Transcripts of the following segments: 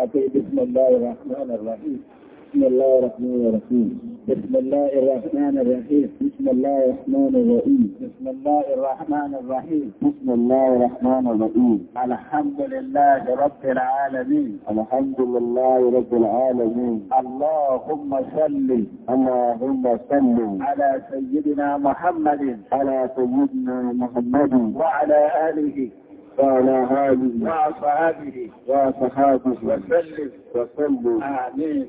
فاتي بسم الله الرحمن الرحيم بسم الله الرحمن الرحيم بسم الله الرحمن الرحيم بسم الله الرحمن الرحيم بسم الله الرحمن الرحيم بسم الله الرحمن الرحيم الحمد لله رب العالمين الحمد لله رب العالمين اللهم صل اللهم صل على سيدنا محمد على سيدنا محمد وعلى اله وعلى آله وأصحابه وصحابه وسلم وسلم آمين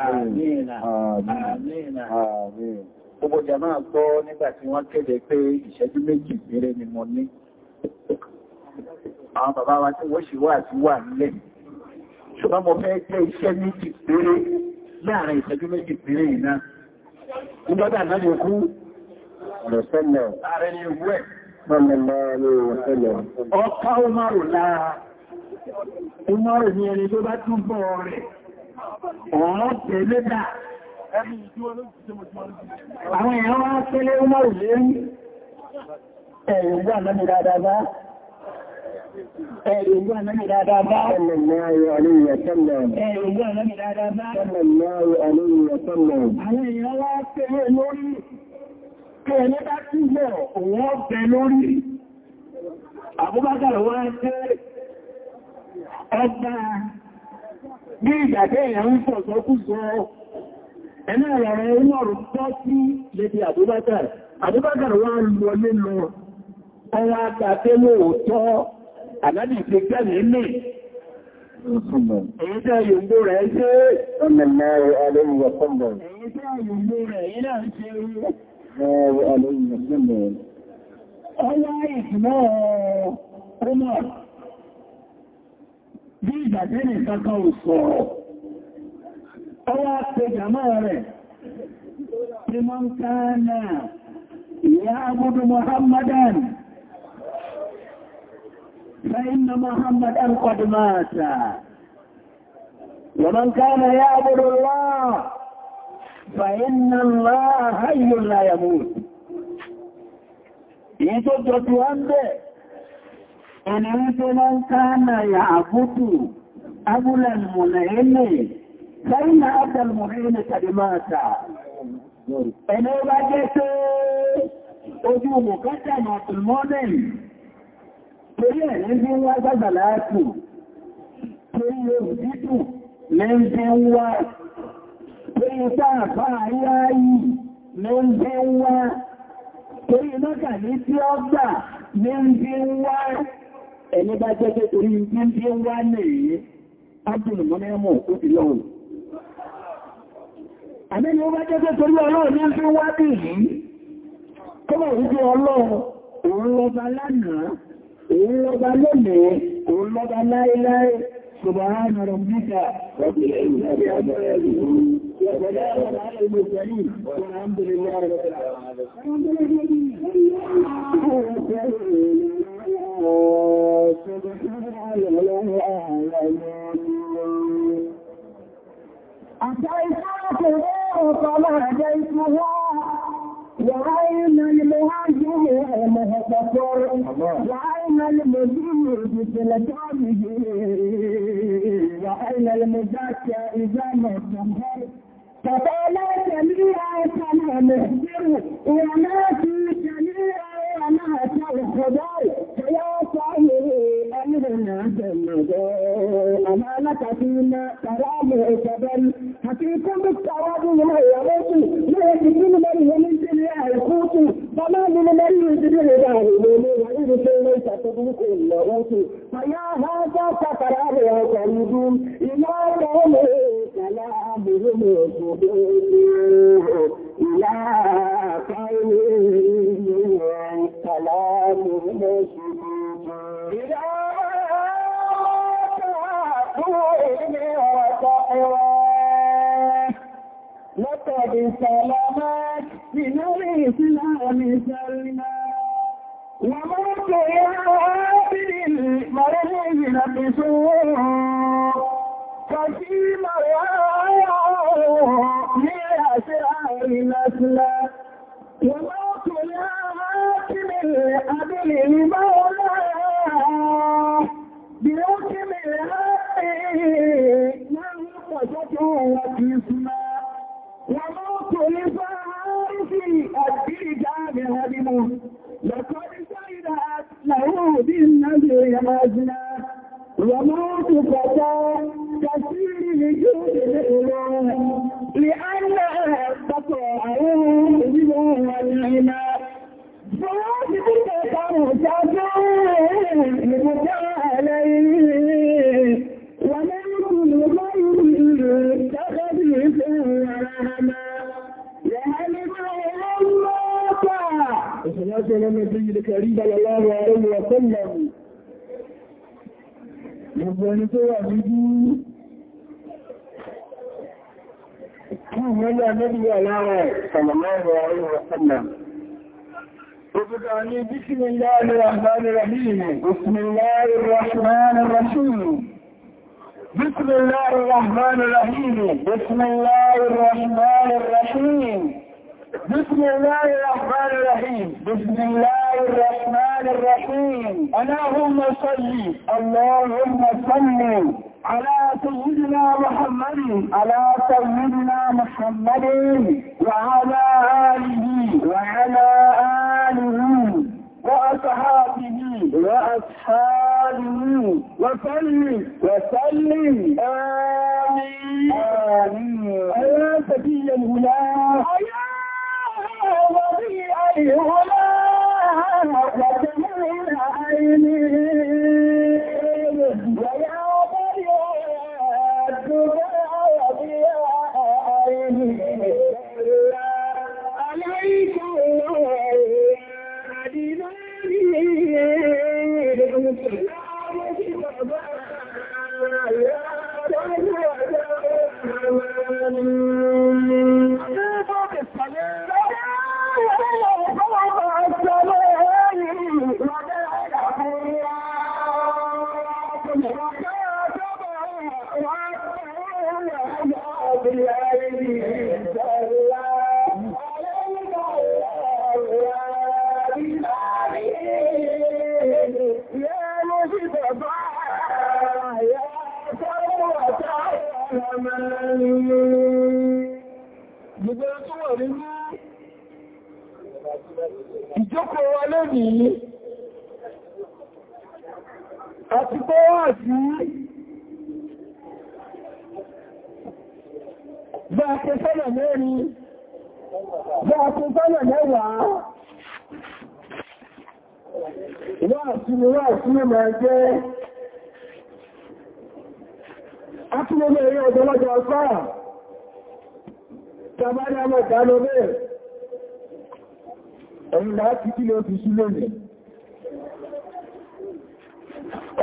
آمين آمين آمين Gbogbo jàmáà gbọ́ nígbà tí wọ́n kéde pé ìṣẹ́jú méjì péré ni mo ní. Àwọn bàbá wa tí wọ́n ṣì wà àti wà nílẹ̀. Ṣùgbọ́n mo fẹ́ jẹ́ iṣẹ́ méjì péré láàrin ìṣẹ́jú méjì péré ìná. Nígbọ́dà náà lè kú. Ààrẹ ni ìwú ẹ̀. Ọká Umaru lára, Umaru ni ẹni tó bá tún bọ́ rẹ̀, ọ̀rọ̀ tẹ̀lé dà. Àwọn èèyàn wá tẹ́lé Umaru lérí, ẹ̀yìn gbà mẹ́mí dáadáa bá. Ẹ̀yìn gbà mẹ́mí dáadáa bá. Ẹ̀yìn gbà mẹ́mí dáadáa bá pé ẹni bá tí mọ̀ òun ọ̀bẹ lórí àbúgbàgbàrà wọ́n jẹ́ ọgbà ní ìgbàgbé èèyàn ń pọ̀ sọ́kúsọ ẹni ọ̀rọ̀ inú ọ̀rọ̀ tọ́ sí lébi àbúgbàgbàrà àbúgbàgbàrà wọ́n lọlé lọ ọwọ́ àtàkẹ́ lóòótọ́ àdájì ìgbẹ́gbẹ́ nílé Èyí tẹ́ yòǹgbò rẹ̀ ṣe é. Ọmọ mẹ́rin alẹ́ ìwọ̀n الله عليه وسلم الله إحماء عمر bí ìgbàgbẹ́nì kankan ò sọ̀rọ̀ ọwá pẹjà máa rẹ̀ tí mọ́ ń káà náà ìyá agbúdú Muhammadan فإن محمدا قد مات ومن كان يعبد الله فإن الله حي لا يموت Ìjọ́ jọ tí wọ́n bẹ̀, ẹni wípé wọ́n káàmà ya àbútù, abúlan mùnàíní, lẹ́yìn abúlan mùnàíní tàbí máa ta. Ẹni ó bá jẹ́ tó ojú mùkátà mọ̀tún mọ́dẹ̀n, Èyí táà bá aláyí ló ń bí wá, torí mọ́kà ní tí ó gbà ní ń bí wá, ẹni bá jẹ́ pé torí ní ń bí wá nìyí, Abdul Mọ́nẹ́mọ̀ ó ti lọ́wọ́. Àmẹ́ni ó bá jẹ́ pé torí ọlọ́run ní ń bí wá nìyí, kọ́mọ̀ wípé ọlọ́run òun lọ́ba lánàá, òun lọ́ba lónìí, òun lọ́ba láéláé. سبحان ربك رب العزة عما يصفون وسلام على المرسلين والحمد لله رب العالمين. أتيتك فناديتها وعين المهاجر مهتفر وعين أين المذير مثل تعبه وأين المزكى إذا ما سهر فطال جميع كما مهجر وما في جميع وما تلخضر فيا صاحب أمرنا جمد أما لك فيما ترى نقصوا ففي مرآه من أسرار مثلاً الله عليه وسلم بسم الله الرحمن الرحيم بسم الله الرحمن الرحيم بسم الله الرحمن الرحيم بسم الله الرحمن الرحيم بسم الله الرحمن الرحيم بسم الله الرحمن الرحيم اللهم صل اللهم صل على سيدنا محمد على سيدنا محمد وعلى آله وعلى آله وأصحابه وأصحابه وسلم وسلم آمين آمين يا سبيل الهلا يا وضيع الهلا وجميع عينيه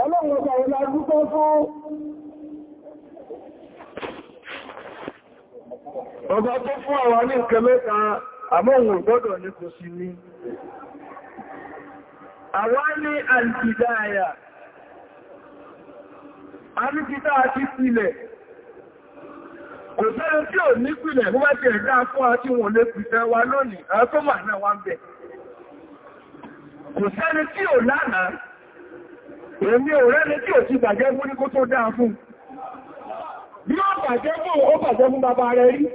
ọlọ́run ọjà ìlà dúpẹ́ fún ọba tó fún àwọn ní ǹkẹ mẹ́ta àmọ́hùn gbọ́dọ̀ ní kò sí ní àwọn ní alìdáyà alìkítà àti sílẹ̀ kò sẹ́rẹ̀ tí ò ní pìlẹ̀ mú bá ti ẹ̀dá fún àti wọn lè pìtẹ́ wa lónìí àtọ́mà náà wá bẹ̀ kò sẹ́rẹ̀ tí ò lánàá Èmi ò rẹ́ni tí ò ti bàjẹ́ fún ní kó tó dáa fún. Bí ó bàjẹ́ fún ó bàjẹ́ fún bàbá rẹ̀ rí.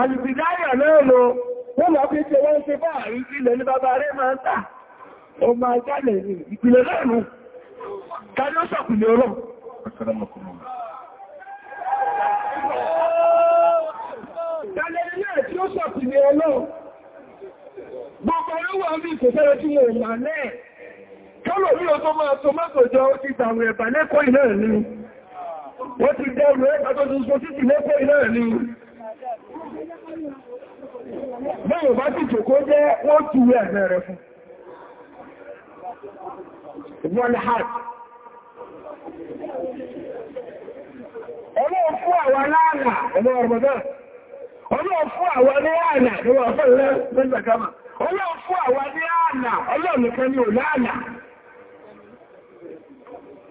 Àlùbìdáyà náà lọ, ó lọ fi ṣe wọ́n ṣe bá ìpìlẹ̀ ní bàbá rẹ̀ máa ń tà. Ó máa jálẹ̀ ní ìpìlẹ̀ lẹ́nu. Ta ni ó ṣàpìlẹ̀ ọlọ́ tí Kọ́lò ní ọjọ́ máa tó mọ́tò jọ ó ti dàrù ẹ̀bà lẹ́kọ́ ilẹ̀ ni. Wọ́n ti dẹ̀rù ẹ̀bà tó tún so na lẹ́kọ́ ilẹ̀ ni. Bẹ́yìn bá ti jòkó jẹ́ wọ́n tú rẹ̀ fún. One heart. Ọlọ́run fún àwọn aláàrà ọmọ ọ̀rọ̀mọ̀dá. fún àwọn aláàrà ọmọ ọ̀fẹ́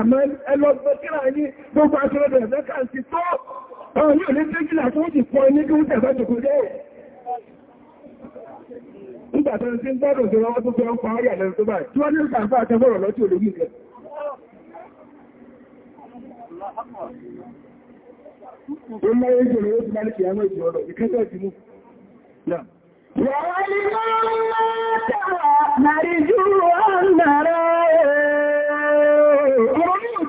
àmọ́ ẹlọ́gbọ́n kíra ní gbogbo aṣọ́lọ́dọ̀ ẹ̀fẹ́ ká sí tó ọ̀rọ̀ ní òní tẹ́jìlá tó ti ní kí ó tẹ̀fẹ́ jùkú dé ìgbàtàn sí ń gbọ́dọ̀ sí wọ́n tó fẹ́ ń pa ọ́yà lẹ́nu tó báyìí tí wọ́n ní ìgbàfà àtẹ́fọ́rọ̀ lọ́tí olómi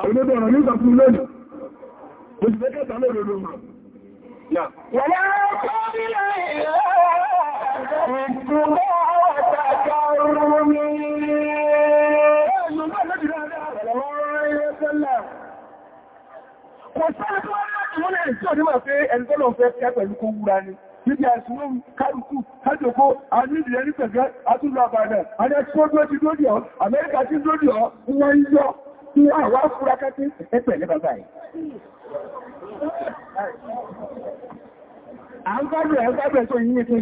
Olódọ̀rọ̀ ní ìsàkún lónìí. Mo ti fẹ́ kẹta lóòrò lóòrò. Wọ́n máa ń kọ́ nílẹ̀ ìrẹ́ ìtùgbọ́ ọ̀tàkà ọrùn mi. Kò sáà tó wá láti múlẹ̀ ìṣọ́dímọ̀ pé ẹni tó lọ fẹ́ kẹ́ pẹ̀lú kó wúra ni níbi àìsùnwó kárùkù kájòkó àníjìyàn ní pẹ̀gẹ́ àtúnlọ àbàdàn àti ẹ̀kọ́ tó ti lórí ọ̀ amẹ́ríkà ti lórí ọ̀ wọ́n yíyọ́ tí àwọn afúraká tí ẹ̀pẹ̀ ní bàbá yìí. À ń gbádùn ẹ̀ ń gbádùn ẹ̀tọ́ yìí ní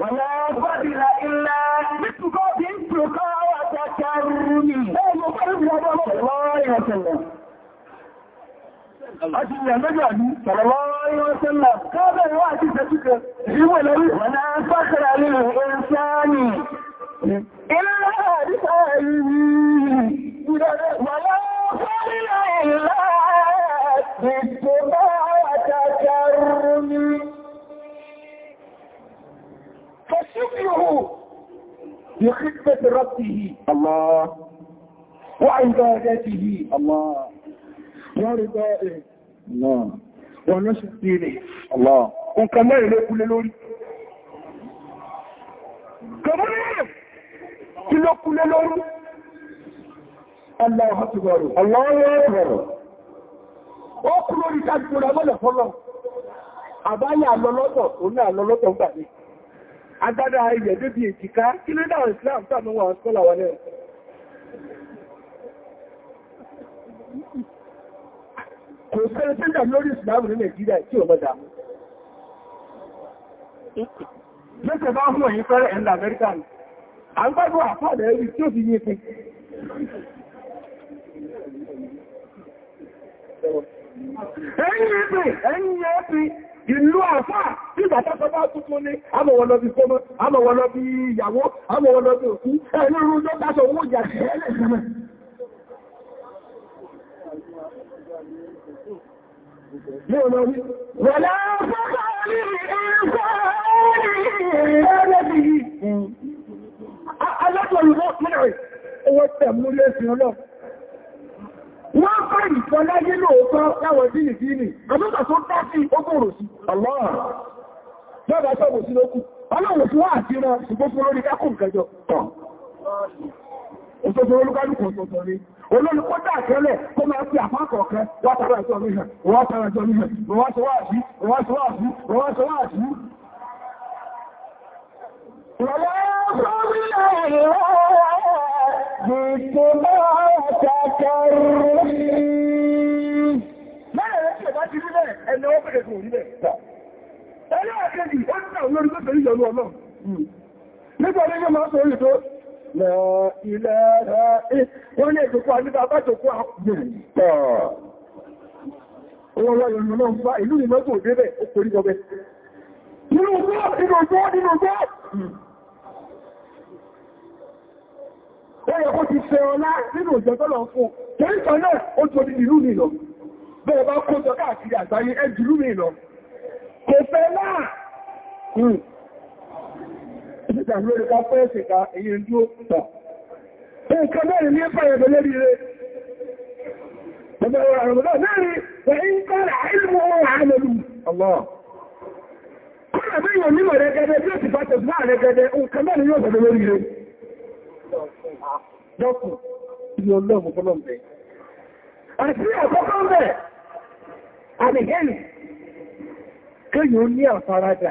Wàlá fọ́dìlà ilá nítorí bí ń tòkọ́ àtàkàrù ní. Bẹ́ẹ̀ mọ̀ fọ́dìlà ọmọ ọmọ ọmọ ọmọ ọmọ صلى الله عليه وسلم قال الواحد ستكر ولا فخر للإنسان إلا بسائله ولا فخر إلا باتباع تكرم فشكره بخدمة ربه الله وعبادته الله ورضائه wọ́n ló sì sí rẹ̀ nǹkan mọ́ ìlú kúlé lórí kọmọ́lẹ́rẹ̀ kí ló tó kí dáwọn Islam tàbí wọn àṣọ́là kò sẹ́rẹ́ tí lórí ìsìláàmù ní nàìjíríà tí ò mọ́dá mú lẹ́sẹ̀ bá hùn èyí fẹ́rẹ̀ ẹ̀ndà amẹ́ríkà ní a ń gbádùn àpáàdẹ̀ ẹ̀rí tí ó fi yí pin ìlú àfá tí ìgbàtàkọ́ bá tuntun ní amọ̀wọ̀lọ́ bí bí ìyàwó bí òkú Wọ̀lá fọ́kọ̀ orí ẹ̀ẹ́sọ́ ẹ̀ẹ́rẹ́bì yìí. Alábọ̀lùmọ́ mẹ́rin, owó tẹ̀ mú lẹ́sìn ọlọ́pù. Wọ́n bá ìfẹ́ láyé lóòótọ́ láwọ̀ dínì dínì, àbúkà tó tọ́ sí ogóró sí. Allah. Bọ́bá tọ́bù sí lókù. Ọlọ́run tí wọ́n àti wọn ṣùgbọ́n fún lórí kákùn kẹjọ. Tọ́. Òṣòṣò olúkálùkù ọ̀tọ̀ọ̀tọ̀ rí olólùkọ́ dà kó máa fi àpákọ̀ọ̀kẹ́ wọ́n tàbí ẹjọ́ mission wọ́n tàbí ẹjọ́ mission wọ́n sọ wá sí wọ́n sọ wá sí wọ́n sọ wá sí Ẹlẹ́ẹ̀kejì, ó hmm. ń tàwọn lórí tó tẹ̀lé ìjọ̀lú ọlọ́run. Nígbà lẹ́gbẹ́ máa sọ orí tó Bẹ́ẹ̀ kó ti fẹ́ ọlá nínú ìjọ tọ́lọ fún, torí kan náà ó tó ní ìlú nìlọ. Bẹ́ẹ̀ bá kó jọ káàkiri àgbáyé ẹjù lú nìlọ. Kò fẹ́ láà. Hmm ìgbà lórí ká pẹ́ ẹ̀sìnká èyí ń dúó tọ̀. nǹkan mẹ́rin ní pàyẹ̀bẹ̀ lórí rẹ̀ Ọjọ́ ọ̀rọ̀ ọ̀rọ̀ lẹ́rin, ẹ̀yìn kọ́rọ̀ àìlú ọ̀rọ̀ àmàlù. Allah. Kọ́rọ̀ mẹ́yàn mímọ̀ rẹ̀ gẹ́gẹ́ bí ó ti Àti àkọ́kọ́ mẹ́, àdìgẹ́nì, kéyìn ó ní àfaradà.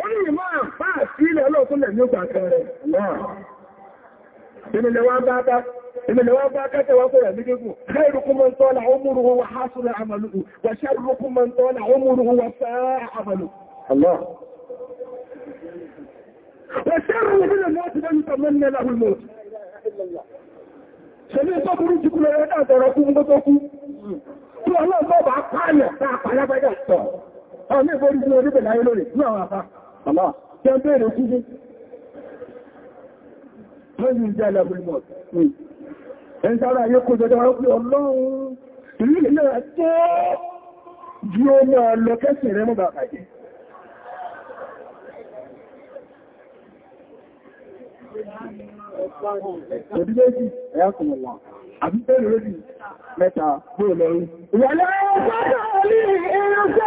ó ní ìmọ̀ àpá àti ilẹ̀ ọlọ́ọ̀kúnlẹ̀ ní ògbà kẹrẹ̀ náà Ìmìnà wá bá kẹta wá kọ̀rọ̀ ní gígùn, khairukum man tala umruhu wa hasuna amaluhu, wa sharrukum man tala umruhu wa sa'a amaluhu. Allah. Wa sharrukum min al-mawt man tamanna lahu al-mawt. Ṣẹlẹ̀ tó burú jù kúrò rẹ̀ dáadọ̀rọ̀ kú mú tó kú. Tí ọlọ́ọ̀bọ̀ bá pààyàn, bá pàlábájá sọ. Àwọn ilé ìborí jù orí bẹ̀ láyé lórí, ní àwọn àfá. Àmá, tẹ́ bèèrè síse. Mọ́sí jẹ́ lẹ́gbùlmọ̀. Hmm. Ẹn sára ayé kò jọjọ wọ́n pé ọlọ́run ìlú ilẹ̀ ẹ̀tọ́ jí ó mọ́ lọ kẹ́sì rẹ mọ́ bàbá jẹ́. Òdíbẹ́sì ẹ̀yà kọmọ̀lá, àbí bẹ́ẹ̀rẹ̀ lórí mẹ́ta gbóòlọ́rún. Ìyàlẹ́ ọ̀pọ̀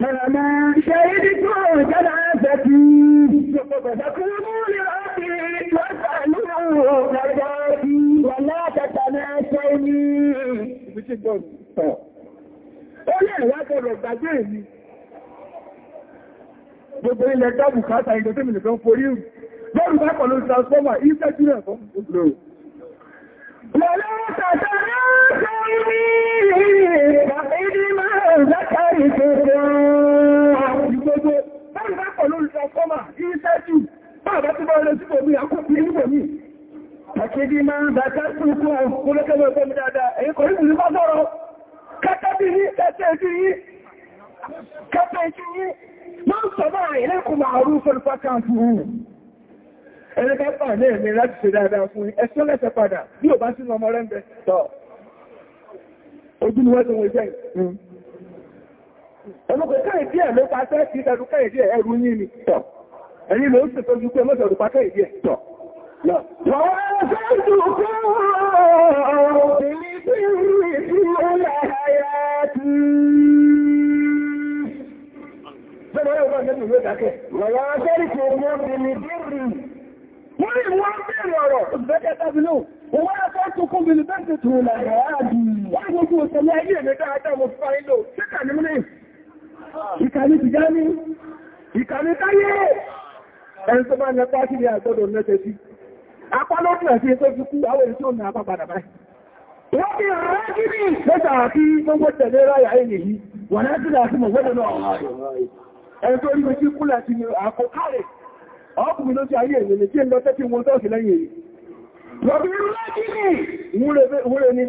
Mọ̀lọ̀mọ̀ ṣe ìdí tó jẹ́lá ẹ̀fẹ́ tí ṣọ̀pọ̀pẹ̀sẹ̀kúrú ní ọ́pìn lọ́sàánú ọ̀rọ̀ ẹ̀bí wà látẹta ní ẹ̀ṣẹ́ ní ibi tí gbọ́nù. Ó lè látọ̀rọ̀ gbàgbé mi. Gbogbo ilẹ̀ dábù káta ìjọ tí ìzákàrí kòkó ìgbogbo báyìí bá pọ̀ lórí ọkọ́mà ìṣẹ́jú báyìí tí bọ́ọ̀lẹ́ sí bòmí àkókò ìgbòmí àkídí máa bàtà kúrùkú olókẹ́lẹ̀ ọgbọ́mí dáadáa èyí kò rí ìlú bá sọ́rọ̀ kẹ́tẹ́bí ní kẹ́tẹ́ ìjú yí kẹ́tẹ́ ìjú yí máa ń sọ báyìí lẹ́kùnmà àrùn fọ́lùfákà padà bí ò bá sínú ọmọ rẹ̀ ń bẹ tọ́ ojú ni wọ́n ti wọ́n ìjẹ́ ẹmọ́kọ̀ káyì díẹ̀ ló pa sẹ́ẹ̀kì ẹrù káyì díẹ̀ ẹrù yìí ni tọ̀ ẹni ló sì tó ju pé mọ́sọ̀ ló pa káyì díẹ̀ tọ̀ Wọ́n ni wọ́n bèèrè ọ̀rọ̀ ìgbẹ́kẹ́ tàbí lóò, wọ́n á fẹ́ tó kún bí lè bẹ́ẹ̀ tó làrẹ̀ ààbì. Wọ́n ni gbogbo òṣèlú ayé ẹ̀mẹ́ta àtàwọn fáìlò, ṣíkà ní mú ní ìkàlẹ̀ tìjáni ìkàlẹ̀ táyé ẹni tó bá ń lẹ́pàá sí àgbọ́dọ̀ lẹ́tẹ̀ sí apá lọ́dún àti ètò fi kú àwọn èyí tí ó nà apá padà báyìí wọ́n bí ọ̀rọ̀ kí ní lẹ́tà àti gbogbo tẹ̀lé ráyà ẹni yìí wọ̀n láti láti mọ̀ gbọ́dọ̀ náà ẹni tó rí méjì kú láti ní àkókárẹ̀ ọkùnrin ló ti ayé ìrìnlẹ̀ tí ń lọ tẹ́tí wọn tọ́ọ̀sì lẹ́yìn èyí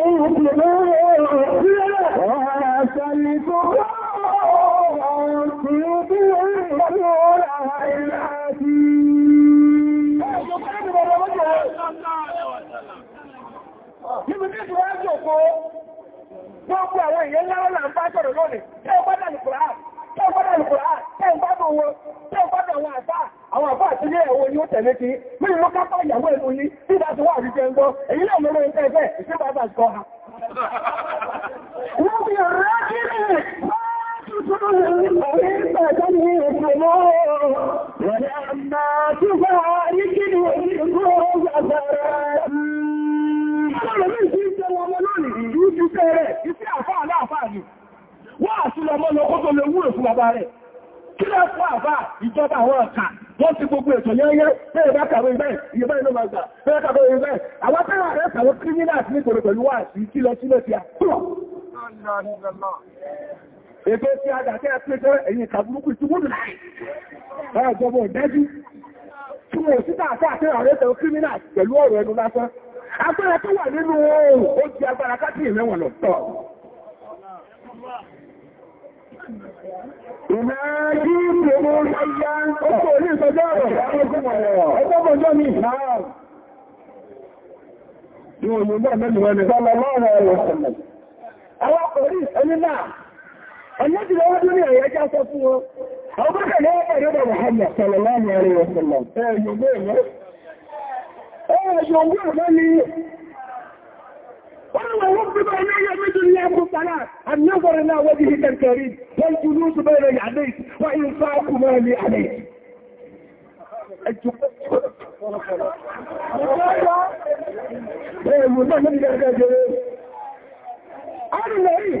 Gbogbo àwọn ìyẹn lára là ń bá sọ̀rọ̀ lónìí. الطاعة ní kàbúrúkú ìtúgbódù láì lára ìjọba agbára tó wà nínú oòrùn ó di agbára káàkiri ìrẹ́wọ̀n lọ tọ́ Ìmẹ́rí ìrìnmú ayá ọkọ̀ orí ìsọjọ́ ọ̀rọ̀ ọgbọ́gbọ́jọ́ mi. Ìwọ̀n ìgbà mẹ́lùmọ́ ni. Sọlọ ẹni الذي لا يدني يجع تفوه أبو بكر لا يقرب محمد صلى الله عليه وسلم أيوبين أيوبين لي والله رب بيني مثل الأمر الصلاة النظر إلى وجهك الكريم والجلوس بين يعديك وإنفاق مالي عليك إيه، أنا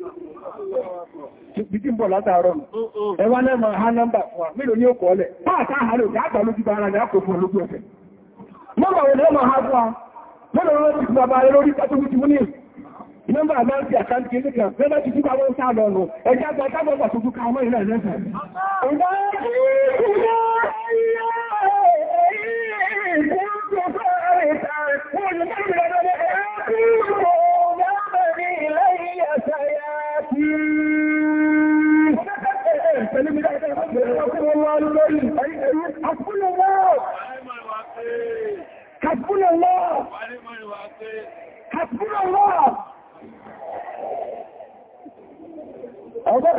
bí tí ń bọ̀ látàárọ̀ nù ẹwà lẹ́mọ̀ ha nọ́mbà fún wa mélòó ní òkò ọlẹ̀ pàtà àárẹ̀ òkè àgbà lójú bá ara ní àkó fún olójú ọ̀fẹ́ mọ́bà wọlé ọmọ ha fún wa mélòó lọ́wọ́ ti bàbá rẹ lórí pàtó bí ti wú ní nọ́mbà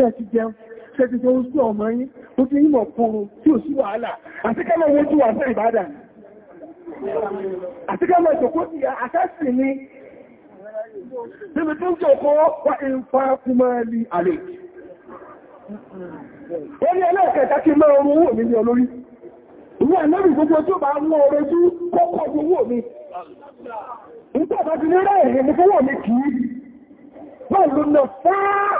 ṣẹ́ ti jẹun ṣẹ́ ti jẹun sí ọmọ yín ó ti yímọ̀ kúrò tí ò sí wàhálà àti kẹ́mọ̀ wọ́n tí wà fẹ́ ìbádà àti kẹ́mọ̀ ìṣòkó ti àṣẹ́sì ni níbi tí ń jẹ́ ọkọ̀ wà ń fa kúmọ́lì àlè ó ní ẹlẹ́ẹ̀kẹta kí mọ́ ọrún owó mi ní ti ní rẹ̀ ẹ̀rẹ̀ mi kìí bọ́ọ̀lù náà fáà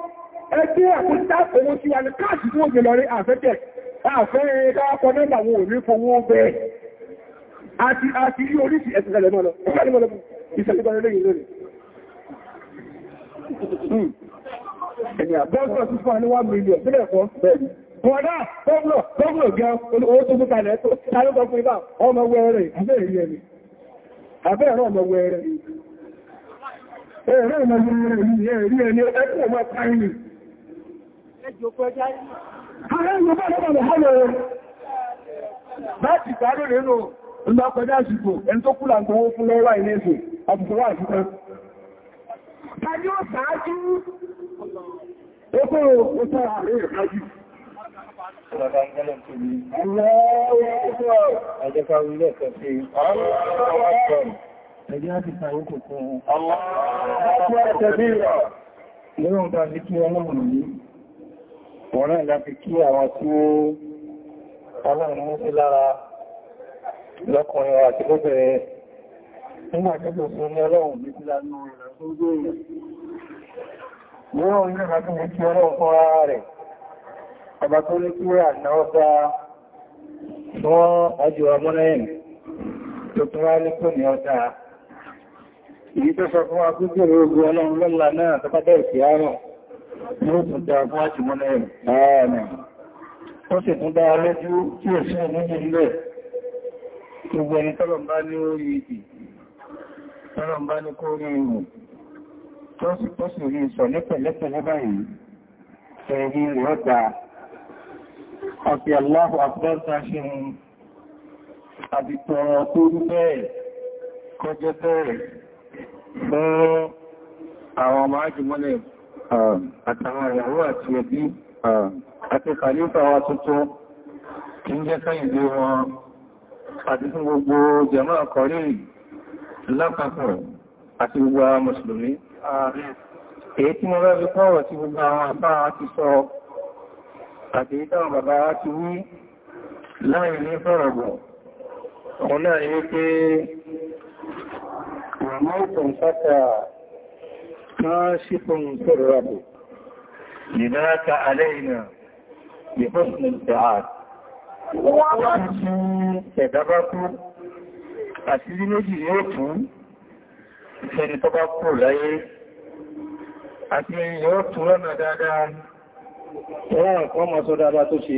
ẹgbẹ́ àkúta òun ti wà ní káàkì tí ó lọ rí àfẹ́kẹ́ àfẹ́ káàkọ́ nẹ́bà wọn ò ní fowó bẹ́ àti àti rí oríṣi ẹ̀sìnkẹ̀lẹ̀ mọ́ lọ ìṣẹ̀lẹ̀gbọ́n lẹ́yìn lónìí hmm. ẹ̀yà bọ́ọ̀sọ̀ sí fún àníwá mílíọ̀ sílẹ̀ fún bẹ́ẹ̀ni bọ́ọ̀dá bọ́ọ̀lọ̀ bọ́ọ̀lọ̀ ọmọ Láti gbádùn nínú ìlọ́pẹ̀dá àsìkò, ẹni tó kúlà gbówó fún lọ́wọ́ ilé ìsìn, àbùkù wà àfikẹ́. Ta ni ó sáájú? Oko òṣà àrí ìkájú. Ẹjẹ́ká orílẹ̀ ẹ̀kẹ́ sí ẹjẹ́ àti ìsàwó kò fún ọmọ. Ẹjẹ́ àti ìsàwó kò fún ọmọ wọ́n náà láti kí àwọn tí ó ọlọ́run mú sí lára lọ́kùnrin àti lóbẹ̀rẹ̀ nígbà tẹ́kọ̀ sí ní ọlọ́run ní sí lánú rẹ̀ tó gbé rẹ̀ yóò ilé ìrìnàjò mú kí ọlọ́run fún ara rẹ̀ ọba tó ní kí rẹ̀ àná ọba wọ́n ọjọ́ ọmọlẹ́yìn tó tún wá ní kò ní ọjà èyí tó yóò tún dáa fún àti mọ́lẹ̀ ààrẹ ó sì tún dáa lẹ́jú tí ó sí ìrìnjì ilẹ̀ gbogbo ẹni tọ́lọ̀mbá ní orí ìdì tọ́lọ̀mbá ní kó rí ìrìn tó sì rí sọ lẹ́pẹ̀lẹ́pẹ̀lẹ́ báyìí ẹ̀rí rẹ̀ ọ́ta àti ṣe mú àbìtọ̀rọ̀ tó Um, àtàwọn ìyàwó àti ẹbí um, àti kàlífà wa tuntun kí ń jẹ́ káyìndé wọn àti fún gbogbo jàmá àkọrí lápapọ̀ àti gbogbo àwọn mùsùlùmí èyí tí mo rẹ́ fi kọ́rọ̀ tí gbogbo àwọn àbá ti sọ àti ìtàwọn bàbá ti wí láì ní fọ́rọ̀gbọ̀ ọ̀nà ìwé pé كاشف سره لذاك علينا بحسن الدعاء ẹ̀dábákú àti ní méjì yóò tún ìfẹ́ni tó bá kú láyé àti yóò tún lọ́nà dáadáa ẹ̀rọ nǹkan ma sọ dáadáa tó ṣe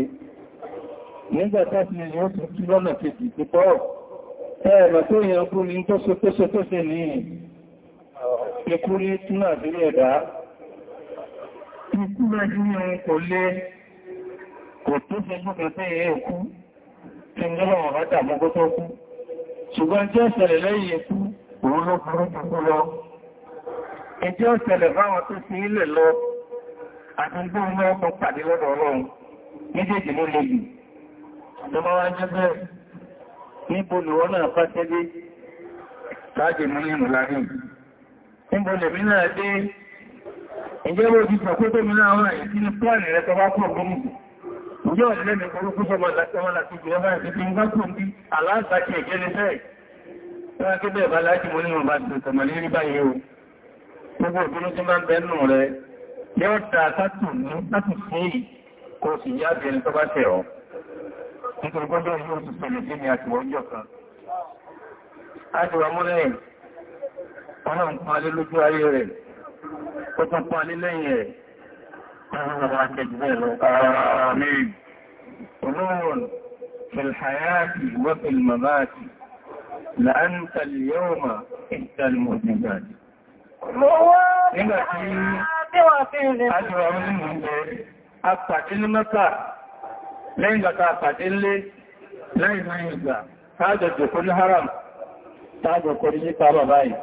nígbàtá sí yóò tún lọ́nà kejì pípọ́ ẹ̀rọ tó yẹn kú ní tó ṣe tó ṣe tó ṣe nìyí ikú rí túnà sílé ẹ̀dá ikú rẹ̀jú ẹ̀rùn kò lé kò tó fẹ́jú kẹfẹ́ ẹ̀kú tí ń gẹ́lọ̀ ọ̀rọ̀ tàbí tó kú ṣùgbọ́n tí ó ṣẹlẹ̀ lẹ́yìn ikú òun ló burú gbogbo lọ ẹjẹ́ ó ṣẹlẹ̀ fáwọn tó fi ilẹ̀ lọ àti gbé ọmọ ọkọ̀ pàdé lọ́dọ̀ ọlọ́run méjèèjì ló lè yìí tó jẹ́ mú nínú láàrin níbọ̀lẹ̀ mi náà dé ìjẹ́ wo ti sọ̀kó tó mi náà wà ìdí ní pọ́ọ̀lì rẹ̀ tọba pọ̀ gómù ìjọ́ ọ̀dẹ́lẹ́ mi kọrúkú sọmọ láti jẹ́ bá ìdí ń bá kùn bí aláàtàkì ẹ̀jẹ́ ní sẹ́ẹ̀ tí wọ́n kébẹ̀ bá láti mo ní wọn bá ti sọmọ lérí báyìí o gbogbo òbínú tí máa ń bẹ́ nù rẹ̀ yóò ta sátù ní ọlọ́run pàálé lójú ayé rẹ̀ ó tún pàálé lẹ́yìn rẹ̀ ọlọ́run akẹ́jù bẹ́ẹ̀ lọ ààmìn olóòrùn fìlhàyàtì wọ́fìlmàmáàtì لأنت اليوم إنت المعجزات lẹ́yìn gbàta àpàdé ńlé lẹ́yìn ìgbà tààjọ̀ jòkó ní haram tààjọ̀ kò ní yípa bàbáyìí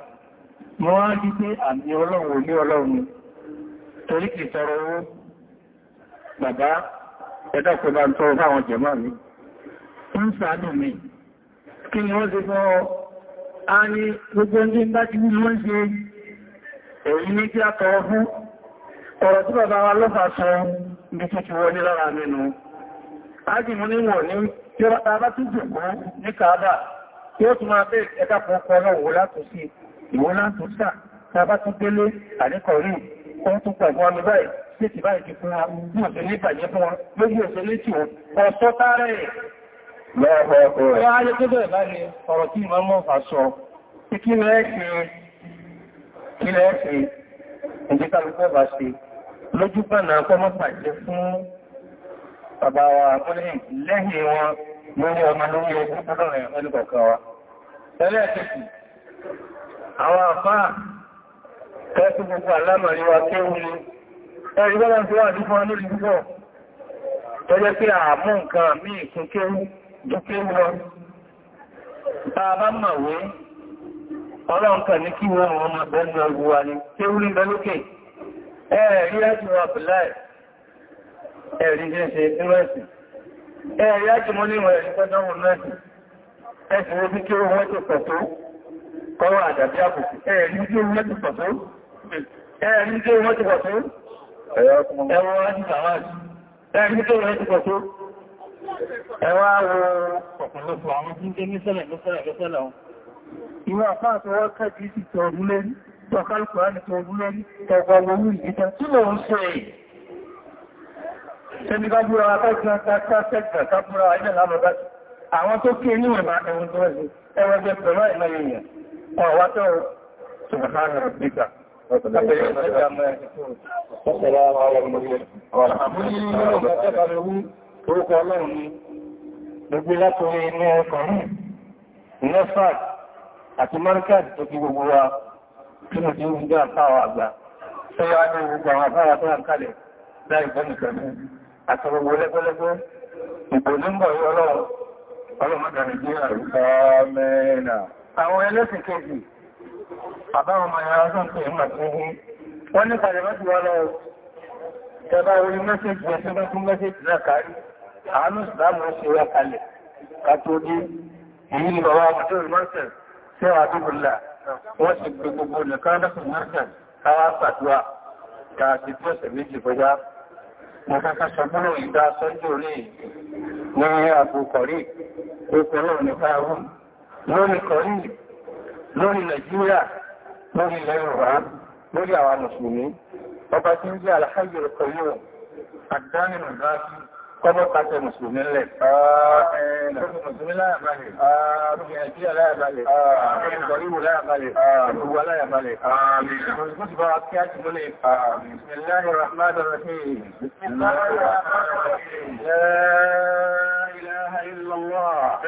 mọ́ wá rí pé àmì ọlọ́run ní ọlọ́run torí kì tọrọ owó bàbá ẹ̀dá kò bá ń tọrọ fáwọn jẹ̀mọ́ mi ń sàánù mi kí ni wọ́n ti fọ́ a ní gbogbo ní bá ti ní wọ́n ṣe èyí ní kí a tọrọ fún ọ̀rọ̀ tí bàbá wa lọ́fà sọ ní títí wọ́n ní lára nínú látò sí ìwọ́n náà tún sà tàbá tún délé àníkọ̀rí wọ́n tún pẹ̀gbọ́n ọmọ báyìí sí ti báyìí ti fún lójú òṣèlé tí wọ́n ọ̀sọ́ Bàbá wa múlẹ̀ lẹ́yìn wọn lórí ọmọ lórí ẹgbẹ́ ọ̀rẹ́ ẹnìkọ̀ọ̀kan wa. Ẹlẹ́ẹ̀kẹ́kì, àwọn àfáà tẹ́sí gbogbo alámàríwá kéwú ni ẹ̀rí bọ́lá ti wà ní fún wa lórí púpọ̀ tẹ́jẹ́ pé àmú nǹkan mí ìkún kéwú dúkéwú lọ bá a bá mọ̀wé ọlọ́nkà ní kí wọ́n wọn máa bẹ́ẹ̀ lọ ìwúwa ni kéwú ní bẹ́lókè ẹ̀rí láti wà bìláì ẹ̀rí jẹ́ kọ́wọ́ àdàbí àbùkù ẹ̀rí tí ó mẹ́jì pàtó ẹ̀rí tí ó mẹ́jì pàtó ẹwọ́ ẹ̀rí tí ó mẹ́jì pàtó ẹwà wo ọ̀pọ̀lọpọ̀ àwọn tí ń gé nísẹ̀lẹ̀ nísẹ̀lẹ̀ nísẹ̀lẹ̀ wọn ìwọ àpá àtọwọ́ kẹ́kì sí tọ̀ọ̀rún lẹ́rí tọ̀kálùkù láti tọ̀ọ̀rún lẹ́rí tọ̀gbọ̀gbọ̀ ìgbìta tí mò ń ṣe Ṣẹ́ni bá búra akẹ́kọ̀ọ́ akẹ́kọ̀ọ́ kápúra ilẹ̀ lábọ̀dá. Àwọn tó kí ní ìwọ̀n bá ẹwọ́n tó ẹ̀lẹ́ ẹwọ́n jẹ́ pẹ̀lú ìlànà èèyàn. wa tí mo ti ń gbá àpáwà àgbà tó àtàwọn ẹlẹ́sìn kejì bàbá ọmọ ìyára sọ pé ìmọ̀ tí ó wọ́n ní kàlẹ̀ mẹ́sì wọ́n lọ tẹba orí mẹ́sẹ̀jì ẹ̀sẹ̀ bá tún mẹ́sẹ̀jì náà kárí àánú ìsìlámù ṣe wá kalẹ̀ kàtó dé èyí ni bàbá ọmọ tó rí mọ́sẹ̀ sí àdúgbòlà wọ́n sì gbé lórí kọrí lórí nàìjíríà lórí ilẹ̀ yorùbá lórí àwọn mùsùlùmí ọba tí ń jẹ́ alhajjul qayyum àdáni mùsùlùmí kọ́bọ̀ pàtẹ mùsùlùmí lẹ̀ mùsùlùmí láyàbalẹ̀ nàìjíríà láyàbalẹ̀ ìgbọ̀ríwò láyàbalẹ̀ ìgbọ̀wà láyàbalẹ̀ mùsùlùmí bá kí á ti múlẹ̀ bismillahir rahmanir rahim la ilaha illallah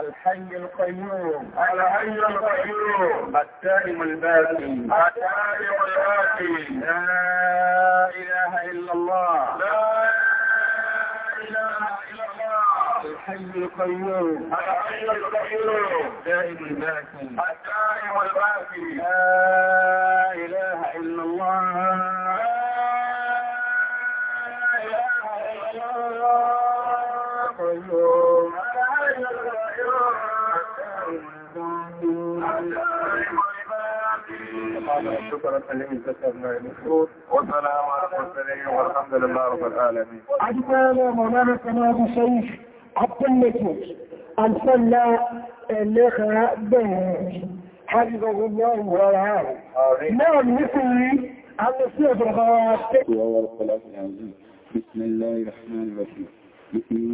الحي القيوم الحي القيوم التائم الباقي التائم الباقي لا إله إلا الله لا إله إلا الله الحي القيوم الحي القيوم الدائم الباقي الدائم الباقي لا إله إلا الله السلام عليكم ورحمه الله والسلام الله المرسلين حفظه الله وبركاته نعم مثلي عن بسم الله الرحمن الرحيم.